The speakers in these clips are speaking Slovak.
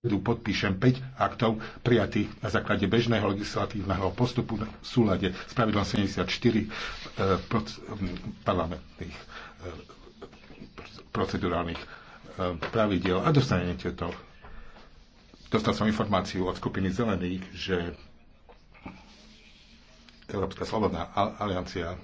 tu podpíšem 5 aktov prijatých na základe bežného legislatívneho postupu v súlade s pravidlom 74 e, proc, parlamentných e, procedurálnych e, pravidel a dostanete to. Dostal som informáciu od skupiny zelených, že Európska slobodná aliancia,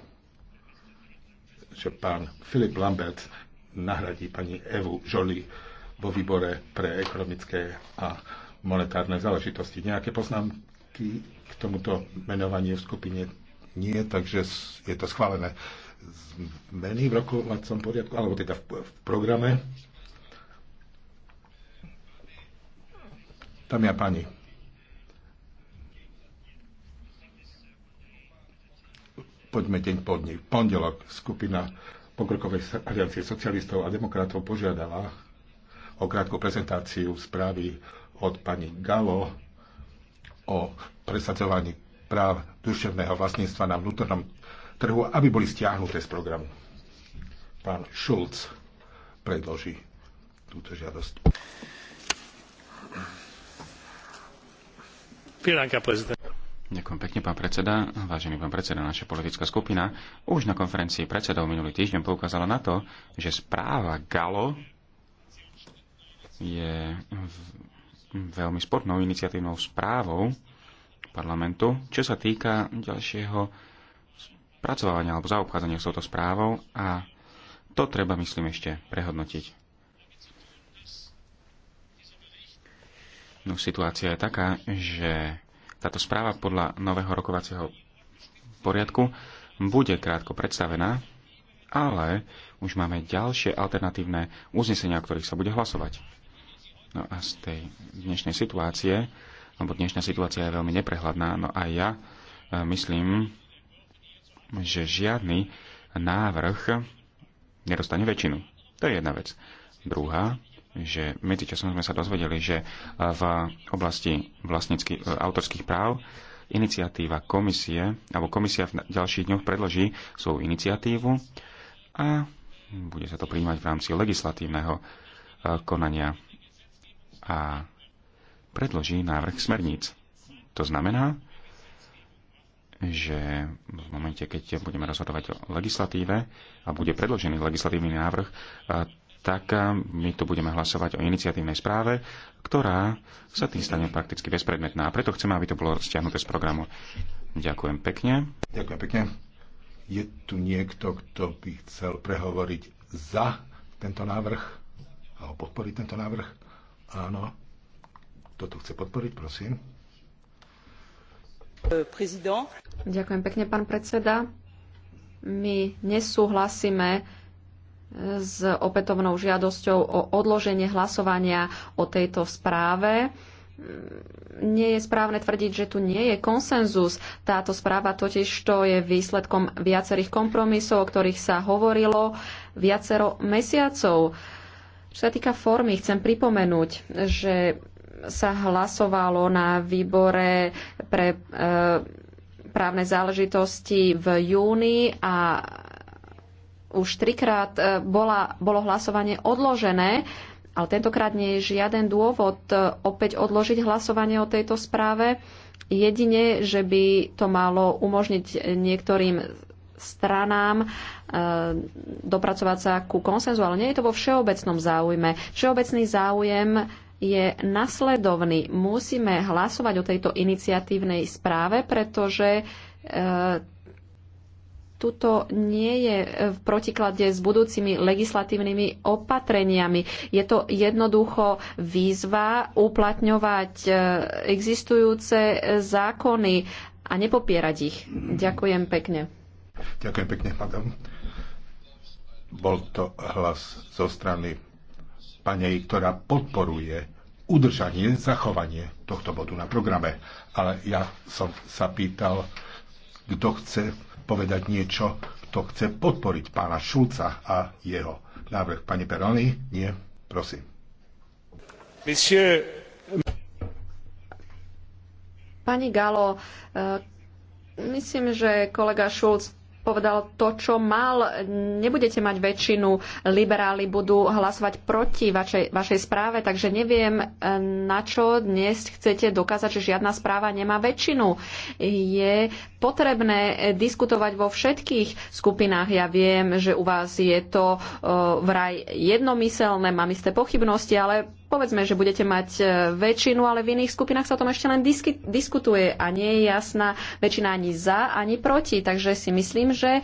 že pán Filip Lambert nahradí pani Evu Jolie vo výbore pre ekonomické a monetárne záležitosti. Nejaké poznámky k tomuto menovaniu v skupine nie, takže je to schválené zmeny v rokovacom poriadku, alebo teda v, v programe. Tam ja pani. Poďme deň po dni. V pondelok skupina pokrokovej aliancie socialistov a demokratov požiadala o krátku prezentáciu správy od pani Galo o presadzovaní práv duševného vlastníctva na vnútornom trhu, aby boli stiahnuté z programu. Pán Šulc predloží túto žiadosť. Ďakujem pekne, pán predseda. Vážený pán predseda, naša politická skupina už na konferencii predsedov minulý týždeň poukázala na to, že správa Galo je veľmi spornou iniciatívnou správou parlamentu, čo sa týka ďalšieho spracovania alebo zaobchádzania s touto správou a to treba, myslím, ešte prehodnotiť. No, situácia je taká, že táto správa podľa nového rokovacieho poriadku bude krátko predstavená, ale už máme ďalšie alternatívne uznesenia, o ktorých sa bude hlasovať. No a z tej dnešnej situácie, alebo dnešná situácia je veľmi neprehľadná, no a ja e, myslím, že žiadny návrh nedostane väčšinu. To je jedna vec. Druhá, že medzičasom sme sa dozvedeli, že v oblasti e, autorských práv iniciatíva komisie, alebo komisia v ďalších dňoch predloží svoju iniciatívu a bude sa to príjmať v rámci legislatívneho e, konania a predloží návrh smerníc. To znamená, že v momente, keď budeme rozhodovať o legislatíve a bude predložený legislatívny návrh, tak my tu budeme hlasovať o iniciatívnej správe, ktorá sa tým stane prakticky bezpredmetná. A preto chceme, aby to bolo stiahnuté z programu. Ďakujem pekne. Ďakujem pekne. Je tu niekto, kto by chcel prehovoriť za tento návrh alebo podporiť tento návrh? Áno. Toto chce podporiť, prosím. Prezident. Ďakujem pekne, pán predseda. My nesúhlasíme s opätovnou žiadosťou o odloženie hlasovania o tejto správe. Nie je správne tvrdiť, že tu nie je konsenzus. Táto správa totiž to je výsledkom viacerých kompromisov, o ktorých sa hovorilo viacero mesiacov. Čo sa týka formy, chcem pripomenúť, že sa hlasovalo na výbore pre e, právne záležitosti v júni a už trikrát e, bola, bolo hlasovanie odložené, ale tentokrát nie je žiaden dôvod e, opäť odložiť hlasovanie o tejto správe. Jedine, že by to malo umožniť niektorým stranám e, dopracovať sa ku konsenzu, ale nie je to vo všeobecnom záujme. Všeobecný záujem je nasledovný. Musíme hlasovať o tejto iniciatívnej správe, pretože e, tuto nie je v protiklade s budúcimi legislatívnymi opatreniami. Je to jednoducho výzva uplatňovať e, existujúce zákony a nepopierať ich. Ďakujem pekne. Ďakujem pekne, madam. Bol to hlas zo strany panej, ktorá podporuje udržanie, zachovanie tohto bodu na programe. Ale ja som sa pýtal, kto chce povedať niečo, kto chce podporiť pána Šulca a jeho návrh. Pani Peroni, nie, prosím. Monsieur... Pani Galo, eh, myslím, že kolega Šulc povedal to, čo mal. Nebudete mať väčšinu. Liberáli budú hlasovať proti vašej, vašej správe, takže neviem, eh, na čo dnes chcete dokázať, že žiadna správa nemá väčšinu. Je potrebné eh, diskutovať vo všetkých skupinách. Ja viem, že u vás je to eh, vraj jednomyselné, mám isté pochybnosti, ale povedzme, že budete mať e, väčšinu, ale v iných skupinách sa o tom ešte len disky, diskutuje a nie je jasná väčšina ani za, ani proti. Takže si myslím, že e,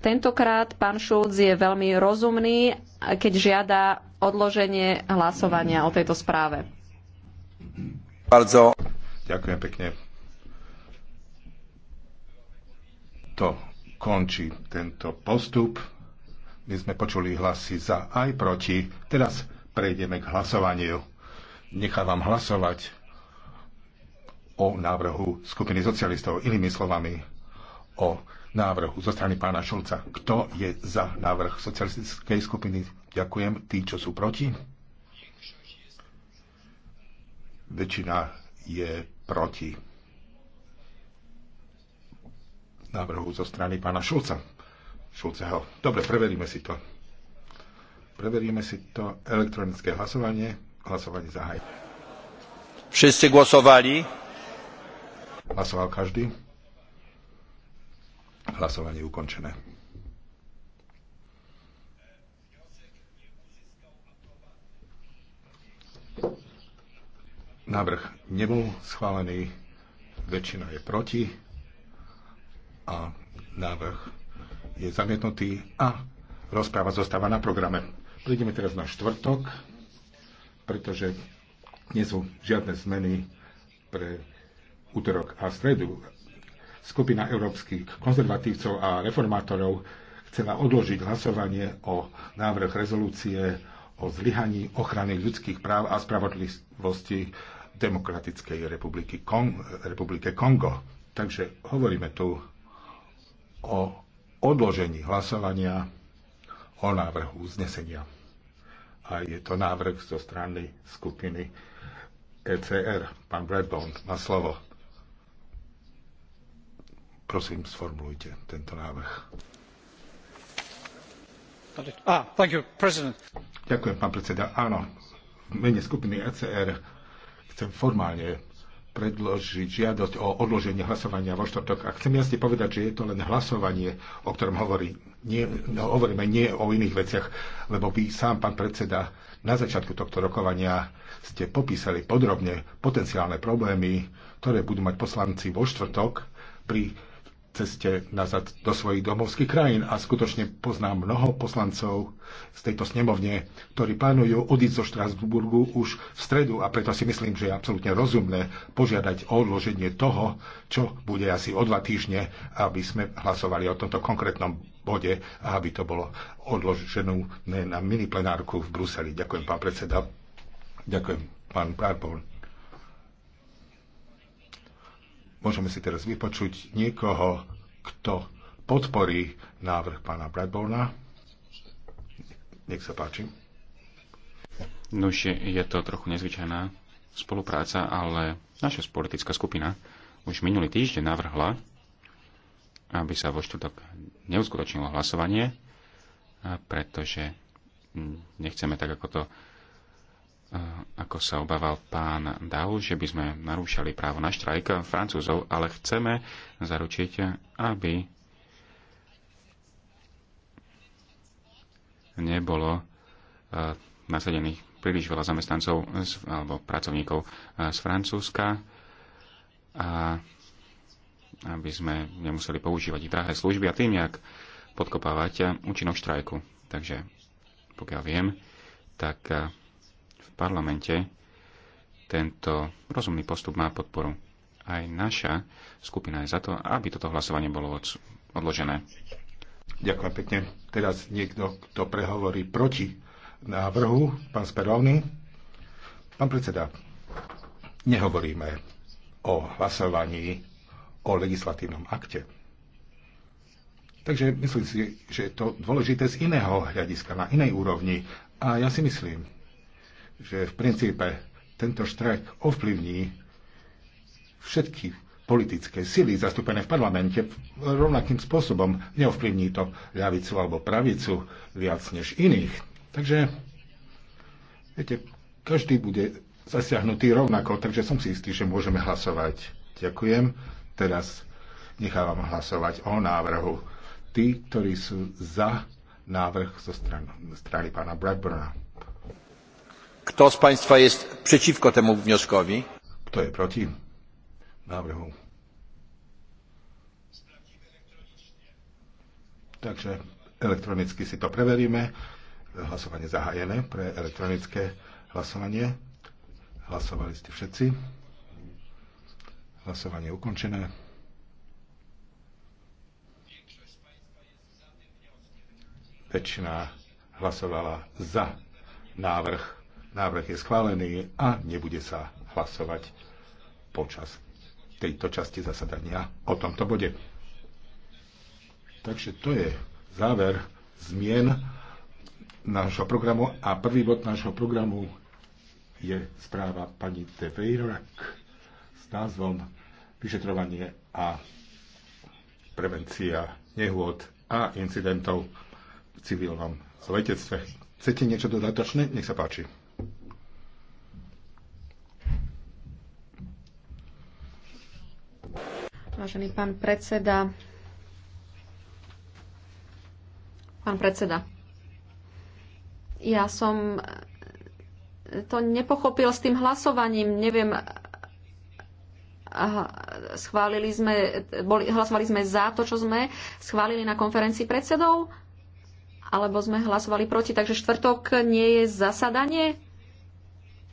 tentokrát pán Šulc je veľmi rozumný, keď žiada odloženie hlasovania o tejto správe. Bardzo. Ďakujem pekne. To končí tento postup. My sme počuli hlasy za aj proti. Teraz prejdeme k hlasovaniu. Nechávam hlasovať o návrhu skupiny socialistov, inými slovami o návrhu zo strany pána Šulca. Kto je za návrh socialistickej skupiny? Ďakujem. Tí, čo sú proti? Väčšina je proti návrhu zo strany pána Šulca. Šulceho. Dobre, preveríme si to. Preveríme si to elektronické hlasovanie. Hlasovanie zahaj. Všetci głosowali? Hlasoval každý. Hlasovanie je ukončené. Návrh nebol schválený, väčšina je proti a návrh je zamietnutý a rozpráva zostáva na programe. Prídeme teraz na štvrtok, pretože nie sú žiadne zmeny pre útorok a stredu. Skupina európskych konzervatívcov a reformátorov chcela odložiť hlasovanie o návrh rezolúcie o zlyhaní ochrany ľudských práv a spravodlivosti Demokratickej republiky Kong, republike Kongo. Takže hovoríme tu o odložení hlasovania o návrhu uznesenia a je to návrh zo strany skupiny ECR. Pán Bradbone, má slovo. Prosím, sformulujte tento návrh. Ah, thank you, president. Ďakujem, pán predseda. Áno, v mene skupiny ECR chcem formálne predložiť žiadosť o odloženie hlasovania vo štvrtok. A chcem jasne povedať, že je to len hlasovanie, o ktorom hovorí. Nie, no, hovoríme nie o iných veciach, lebo vy sám, pán predseda, na začiatku tohto rokovania ste popísali podrobne potenciálne problémy, ktoré budú mať poslanci vo štvrtok pri ceste nazad do svojich domovských krajín a skutočne poznám mnoho poslancov z tejto snemovne, ktorí plánujú odísť zo Štrasburgu už v stredu a preto si myslím, že je absolútne rozumné požiadať o odloženie toho, čo bude asi o dva týždne, aby sme hlasovali o tomto konkrétnom bode a aby to bolo odložené na mini plenárku v Bruseli. Ďakujem, pán predseda. Ďakujem, pán Párpol. Môžeme si teraz vypočuť niekoho, kto podporí návrh pána Bradborna. Nech sa páči. Nož je to trochu nezvyčajná spolupráca, ale naša politická skupina už minulý týždeň navrhla, aby sa vo štvrtok neuskutočnilo hlasovanie, pretože hm, nechceme tak, ako to ako sa obával pán Dau, že by sme narúšali právo na štrajk Francúzov, ale chceme zaručiť, aby nebolo e, nasadených príliš veľa zamestnancov alebo pracovníkov e, z Francúzska a aby sme nemuseli používať ich drahé služby a tým jak podkopávať účinok štrajku. Takže pokiaľ viem, tak e, v parlamente tento rozumný postup má podporu. Aj naša skupina je za to, aby toto hlasovanie bolo odložené. Ďakujem pekne. Teraz niekto, kto prehovorí proti návrhu, pán Sperovný. Pán predseda, nehovoríme o hlasovaní o legislatívnom akte. Takže myslím si, že je to dôležité z iného hľadiska, na inej úrovni. A ja si myslím, že v princípe tento štrajk ovplyvní všetky politické sily zastúpené v parlamente rovnakým spôsobom. Neovplyvní to ľavicu alebo pravicu viac než iných. Takže, viete, každý bude zasiahnutý rovnako, takže som si istý, že môžeme hlasovať. Ďakujem. Teraz nechávam hlasovať o návrhu. Tí, ktorí sú za návrh zo strany, strany pána Bradburna. Kto z Państwa jest przeciwko temu wnioskowi? Kto je proti návrhu? Takže elektronicky si to preveríme. Hlasovanie zahájené pre elektronické hlasovanie. Hlasovali ste všetci. Hlasovanie ukončené. Väčšina hlasovala za návrh Návrh je schválený a nebude sa hlasovať počas tejto časti zasadania o tomto bode. Takže to je záver zmien nášho programu a prvý bod nášho programu je správa pani Vejrak s názvom Vyšetrovanie a prevencia nehôd a incidentov v civilnom letectve. Chcete niečo dodatočné? Nech sa páči. Vážený pán predseda, pán predseda, ja som to nepochopil s tým hlasovaním. Neviem, schválili sme, boli, hlasovali sme za to, čo sme schválili na konferencii predsedov, alebo sme hlasovali proti. Takže štvrtok nie je zasadanie.